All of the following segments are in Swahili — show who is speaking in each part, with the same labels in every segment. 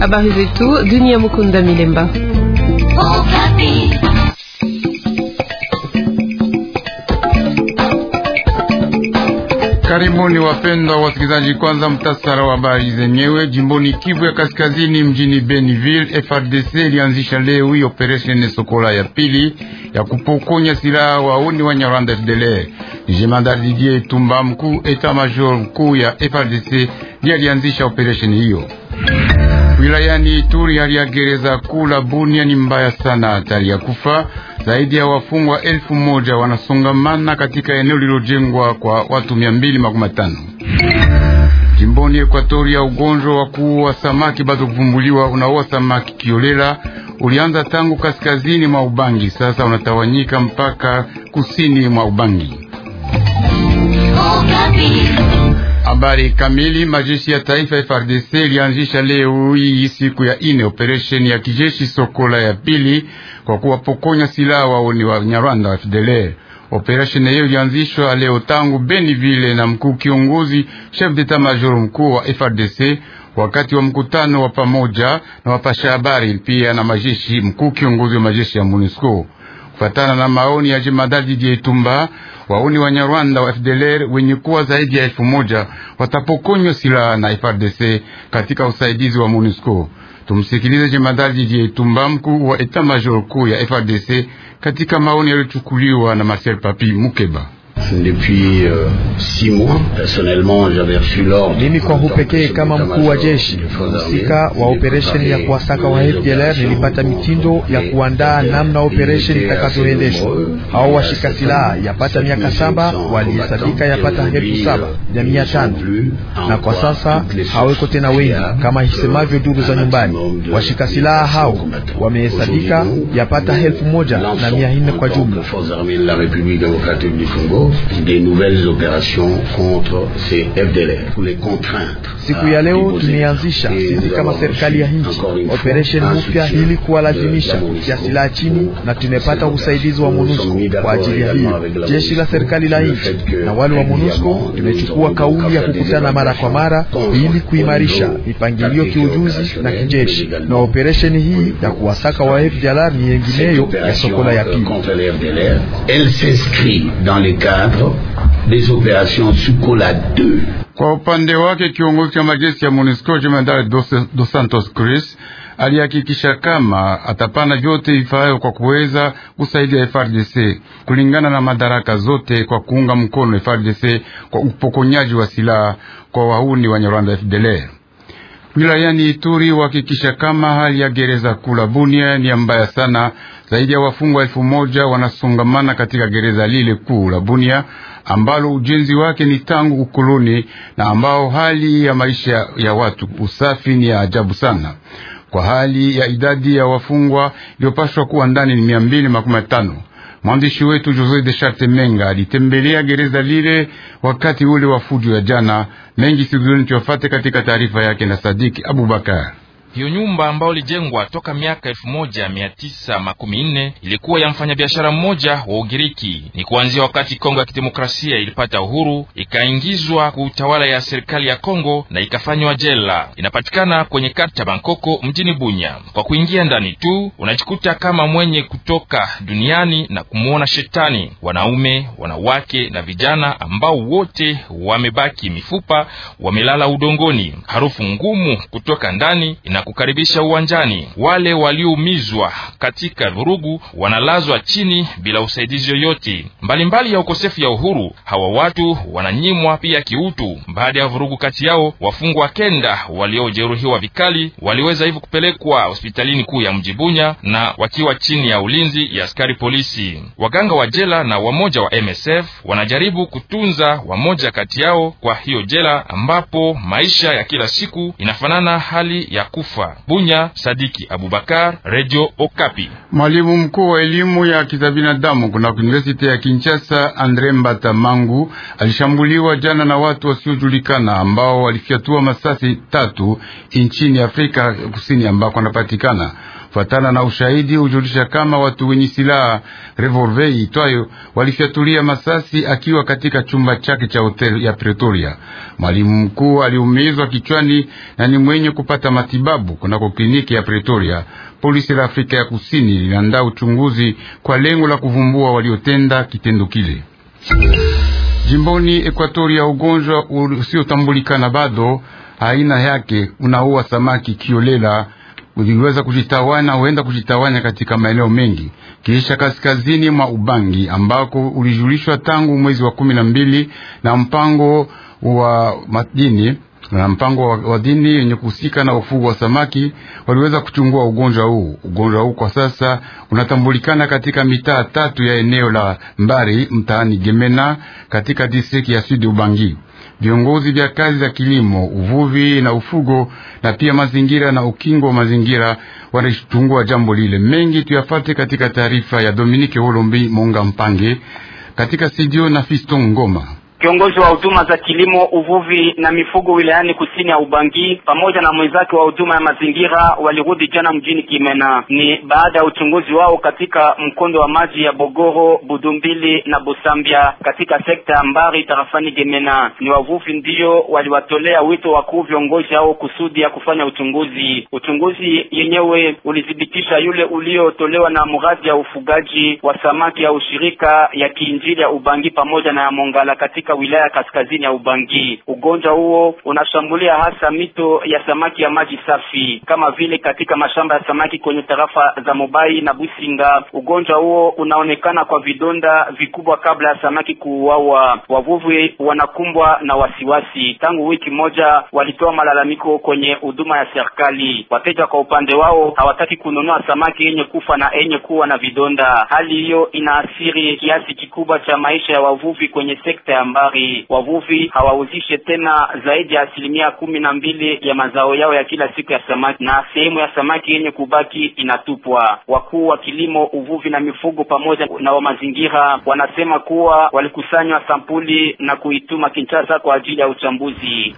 Speaker 1: Habari zetu dunia. Mukunda Milemba.
Speaker 2: Karibuni wapendwa wasikilizaji, kwanza mtasara wa habari zenyewe. Jimboni Kivu ya Kaskazini, mjini Beniville, FRDC ilianzisha leo hii operesheni Sokola ya pili ya kupokonya silaha wauni wa Nyarwanda FDLR. Jemanda Didier Tumba, mkuu eta major mkuu ya frdc ndiye alianzisha operesheni hiyo. Wilayani Ituri, hali ya gereza kula la Bunia ni mbaya sana. Hatari ya kufa zaidi ya wafungwa elfu moja wanasongamana katika eneo lililojengwa kwa watu mia mbili makumi matano. Jimboni Ekuatoria, ugonjwa wa kuua samaki bado kuvumbuliwa, unaua samaki kiolela ulianza tangu kaskazini mwa Ubangi, sasa unatawanyika mpaka kusini mwa Ubangi. Habari kamili. Majeshi ya taifa frdc ilianzisha leo hii siku ya ine operesheni ya kijeshi Sokola ya pili kwa kuwapokonya silaha ni wa Nyarwanda wa FDLR. Operesheni hiyo ilianzishwa leo tangu Beniville na mkuu kiongozi chef d'etat major mkuu wa frdc wakati wa mkutano wa pamoja na wapasha habari pia na majeshi mkuu kiongozi wa majeshi ya MONUSCO kufatana na maoni ya jemadari Didier Itumba, wauni wa Nyarwanda wa FDLR wenye kuwa zaidi ya elfu moja watapokonywa silaha na FARDC katika usaidizi wa MONUSCO. Tumsikilize jemadari Didier Itumba, mkuu wa eta major kuu ya FARDC katika maoni yaliyochukuliwa na Marcel Papi Mukeba depuis euh, six mois. Personnellement, j'avais reçu l'ordre. Mimi kwa upekee kama mkuu wa jeshi husika wa operation ya kuwasaka wa FDLR
Speaker 3: nilipata mitindo ya kuandaa namna operesheni itakavyoendeshwa. Hao washika silaha yapata miaka saba walihesabika yapata elfu saba na euh, mia tano na kwa sasa haweko tena wengi kama hisemavyo euh, duru za nyumbani. Washika silaha hao wamehesabika yapata elfu moja na mia nne kwa jumla
Speaker 2: des nouvelles opérations contre ces FDLR pour les contraindre.
Speaker 3: Siku ya leo tumeanzisha sisi kama serikali ya nchi operation mpya ili kuwalazimisha kutia silaha chini, na tumepata usaidizi wa MONUSCO kwa ajili ya hiyo. Jeshi la serikali la nchi na wale wa MONUSCO tumechukua kauli ya kukutana mara kwa mara ili kuimarisha mipangilio kiujuzi na kijeshi, na operation hii ya kuwasaka wa FDLR ni yengineyo ya Sokola ya pili.
Speaker 4: Euh, cadre des opérations cola 2.
Speaker 3: Kwa upande wake
Speaker 2: kiongozi cha majeshi ya MONUSCO Jemadari Dos Santos Cruz alihakikisha kama atapana vyote vifaayo kwa kuweza kusaidia FRDC kulingana na madaraka zote kwa kuunga mkono FRDC kwa upokonyaji wa silaha kwa wahuni wa Nyarwanda FDLR wilayani Ituri uhakikisha kama hali ya gereza kula Bunia ni mbaya sana. Zaidi ya wafungwa elfu moja wanasongamana katika gereza lile kuu la Bunia ambalo ujenzi wake ni tangu ukoloni na ambao hali ya maisha ya watu usafi ni ya ajabu sana. Kwa hali ya idadi ya wafungwa iliyopaswa kuwa ndani ni mia mbili makumi matano Mwandishi wetu Jose de Charte Menga alitembelea gereza lile wakati ule wa fujo ya jana. Mengi sizoni tuyafate katika taarifa yake na Sadiki Abubakar.
Speaker 5: Hiyo nyumba ambayo ilijengwa toka miaka elfu moja mia tisa makumi nne ilikuwa ya mfanyabiashara mmoja wa Ugiriki. Ni kuanzia wakati Kongo ya Kidemokrasia ilipata uhuru ikaingizwa kuutawala ya serikali ya Kongo na ikafanywa jela. Inapatikana kwenye karta Bangkoko mjini Bunya. Kwa kuingia ndani tu unajikuta kama mwenye kutoka duniani na kumwona shetani. Wanaume, wanawake na vijana ambao wote wamebaki mifupa, wamelala udongoni. Harufu ngumu kutoka ndani ina kukaribisha uwanjani. Wale walioumizwa katika vurugu wanalazwa chini bila usaidizi yoyote. Mbalimbali ya ukosefu ya uhuru, hawa watu wananyimwa pia kiutu. Baada ya vurugu kati yao, wafungwa kenda waliojeruhiwa vikali waliweza hivyo kupelekwa hospitalini kuu ya mji Bunya na wakiwa chini ya ulinzi ya askari polisi. Waganga wa jela na wamoja wa MSF wanajaribu kutunza wamoja kati yao kwa hiyo jela ambapo maisha ya kila siku inafanana hali ya kufa kufa. Bunya, Sadiki Abubakar, Radio Okapi.
Speaker 2: Mwalimu mkuu wa elimu ya kizabinadamu kuna University ya Kinshasa, Andre Mbata Mangu alishambuliwa jana na watu wasiojulikana ambao walifyatua masasi tatu nchini Afrika Kusini ambako anapatikana kufatana na ushahidi ujulisha kama watu wenye silaha revolve itwayo walifyatulia masasi akiwa katika chumba chake cha hotel ya Pretoria. Mwalimu mkuu aliumizwa kichwani na ni mwenye kupata matibabu kunako kliniki ya Pretoria. Polisi la Afrika ya Kusini linaandaa uchunguzi kwa lengo la kuvumbua waliotenda kitendo kile. Jimboni Ekwatoria, ugonjwa usiotambulikana bado aina yake unaua samaki kiolela uliweza kujitawana huenda kujitawanya katika maeneo mengi kisha kaskazini mwa Ubangi ambako ulijulishwa tangu mwezi wa kumi na mbili na mpango wa madini na mpango wa dini yenye kuhusika na ufugo wa samaki waliweza kuchungua ugonjwa huu. Ugonjwa huu kwa sasa unatambulikana katika mitaa tatu ya eneo la Mbari mtaani Gemena katika distrikti ya Sudi Ubangi viongozi vya kazi za kilimo, uvuvi na ufugo, na pia mazingira na ukingo wa mazingira wanachungua jambo lile. Mengi tuyafate katika taarifa ya Dominique Holombi Monga Mpange katika studio na Fiston Ngoma.
Speaker 4: Kiongozi wa huduma za kilimo, uvuvi na mifugo wilayani kusini ya Ubangi pamoja na mwenzake wa huduma ya mazingira walirudi jana mjini Kimena. Ni baada ya uchunguzi wao katika mkondo wa maji ya Bogoro, Budumbili na Busambia katika sekta ya Mbari tarafani Gemena. Ni wavuvi ndiyo waliwatolea wito wakuu viongozi hao kusudi ya kufanya uchunguzi. Uchunguzi yenyewe ulithibitisha yule uliotolewa na mradi ya ufugaji wa samaki ya ushirika ya kiinjili ya Ubangi pamoja na ya Mongala katika katika wilaya ya kaskazini ya Ubangi. Ugonjwa huo unashambulia hasa mito ya samaki ya maji safi kama vile katika mashamba ya samaki kwenye tarafa za Mobai na Businga. Ugonjwa huo unaonekana kwa vidonda vikubwa kabla ya samaki kuuawa. Wavuvi wanakumbwa na wasiwasi. Tangu wiki moja walitoa malalamiko kwenye huduma ya serikali. Wateja kwa upande wao hawataki kununua samaki yenye kufa na yenye kuwa na vidonda. Hali hiyo inaathiri kiasi kikubwa cha maisha ya wavuvi kwenye sekta ya Lubambari. Wavuvi hawauzishe tena zaidi ya asilimia kumi na mbili ya mazao yao ya kila siku ya samaki, na sehemu ya samaki yenye kubaki inatupwa. Wakuu wa kilimo, uvuvi na mifugo pamoja na wa mazingira wanasema kuwa walikusanywa sampuli na kuituma Kinshasa kwa ajili ya uchambuzi.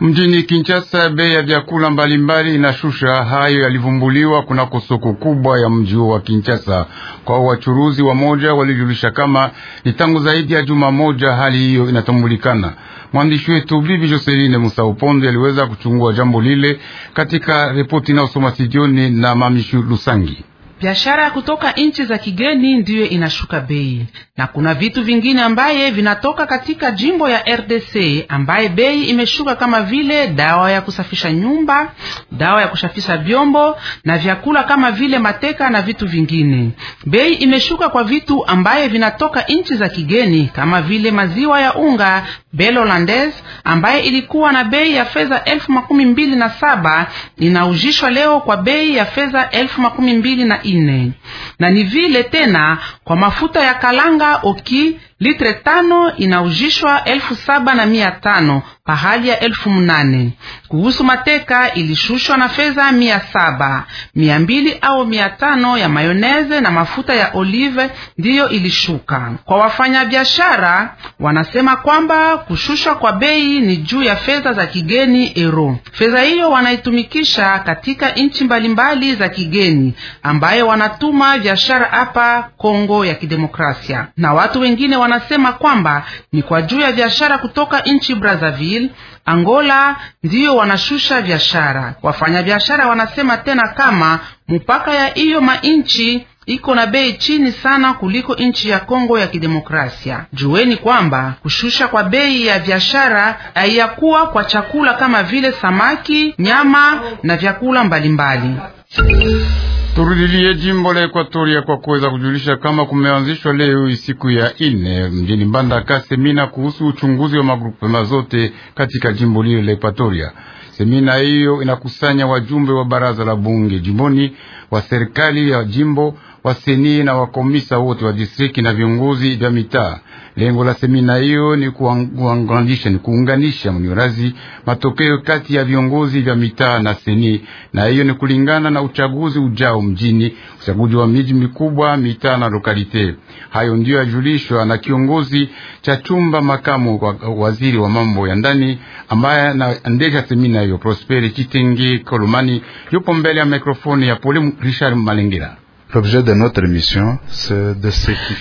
Speaker 2: Mjini Kinshasa, bei ya vyakula mbalimbali inashusha. Hayo yalivumbuliwa kunako soko kubwa ya mji wa Kinshasa. Kwa wachuruzi wa moja walijulisha kama ni tangu zaidi ya juma moja hali hiyo inatambulikana. Mwandishi wetu Bibi Joseline Musauponde aliweza kuchungua jambo lile katika ripoti inayosoma sijioni na Mamishu Lusangi.
Speaker 1: Biashara ya kutoka nchi za kigeni ndiyo inashuka bei, na kuna vitu vingine ambaye vinatoka katika jimbo ya RDC ambaye bei imeshuka kama vile dawa ya kusafisha nyumba, dawa ya kusafisha vyombo na vyakula kama vile mateka na vitu vingine. Bei imeshuka kwa vitu ambaye vinatoka nchi za kigeni kama vile maziwa ya unga Bel Holandaise ambaye ilikuwa na bei ya fedha elfu makumi mbili na saba inaujishwa leo kwa bei ya fedha elfu makumi mbili na ine na ni vile tena kwa mafuta ya kalanga oki litre tano inaujishwa elfu saba na mia tano pahali ya elfu mnane. Kuhusu mateka ilishushwa na fedha mia saba mia mbili au mia tano ya mayoneze na mafuta ya olive ndiyo ilishuka. Kwa wafanyabiashara wanasema kwamba kushushwa kwa bei ni juu ya fedha za kigeni ero. Fedha hiyo wanaitumikisha katika nchi mbalimbali za kigeni ambayo wanatuma biashara hapa Kongo ya Kidemokrasia, na watu wengine wanasema kwamba ni kwa juu ya biashara kutoka nchi Brazzaville Brazil, Angola ndiyo wanashusha biashara. Wafanyabiashara wanasema tena kama mpaka ya hiyo mainchi iko na bei chini sana kuliko nchi ya Kongo ya Kidemokrasia. Jueni kwamba kushusha kwa bei ya biashara haiyakuwa kwa chakula kama vile samaki, nyama na vyakula mbalimbali mbali.
Speaker 2: Turudilie jimbo la Ekwatoria kwa kuweza kujulisha kama kumeanzishwa leo siku ya ine mjini Mbandaka semina kuhusu uchunguzi wa magrupema zote katika jimbo lile la Ekwatoria. Semina hiyo inakusanya wajumbe wa baraza la bunge jimboni, wa serikali ya jimbo, waseni na wakomisa wote wa distriki na viongozi vya mitaa. Lengo la semina hiyo ni kuunganisha ni kuunganisha mniorazi matokeo kati ya viongozi vya mitaa na seni, na hiyo ni kulingana na uchaguzi ujao mjini, uchaguzi wa miji mikubwa, mitaa na lokalite. Hayo ndiyo yajulishwa na kiongozi cha chumba makamu wa waziri wa mambo ya ndani ambaye anaendesha semina hiyo Prosperi Kitenge Kolumani yupo mbele ya mikrofoni ya Poli Richard Malengira.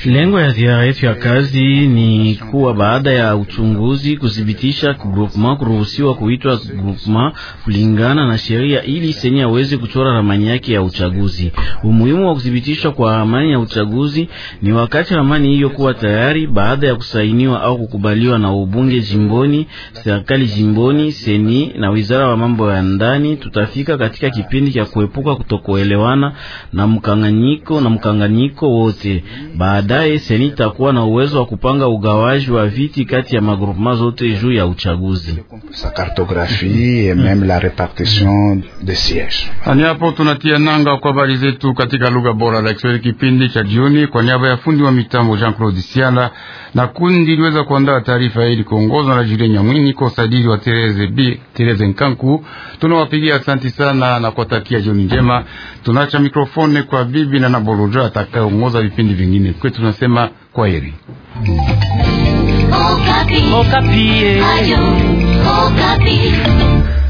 Speaker 4: Lengo ya ziara yetu ya kazi ni kuwa baada ya uchunguzi kudhibitisha groupement kuruhusiwa kuitwa groupement kulingana na sheria, ili seni aweze kuchora ramani yake ya uchaguzi. Umuhimu wa kuthibitishwa kwa ramani ya uchaguzi ni wakati ramani hiyo kuwa tayari baada ya kusainiwa au kukubaliwa na ubunge jimboni, serikali jimboni, seni na wizara wa mambo ya ndani, tutafika katika kipindi cha kuepuka kutokuelewana na mkanganyiko mgawanyiko na mkanganyiko wote. Baadaye seni itakuwa na uwezo wa kupanga ugawaji wa viti kati ya magrupema zote juu ya uchaguzi. Ani hapo tunatia nanga kwa habari zetu
Speaker 2: katika lugha bora la Kiswahili kipindi cha jioni, kwa niaba ya fundi wa mitambo Jean Claude Siala na kundi iliweza kuandaa taarifa ili kuongozwa na Julien Nyamwini kwa usajili wa Tereze B Tereze Nkanku. Tunawapigia asanti sana na kuwatakia jioni njema. Tunaacha mikrofone kwa bi bina na Nabolojo atakayeongoza vipindi vingine. Kwetu tunasema kwaheri.
Speaker 1: Okapi. Okapi. Eh.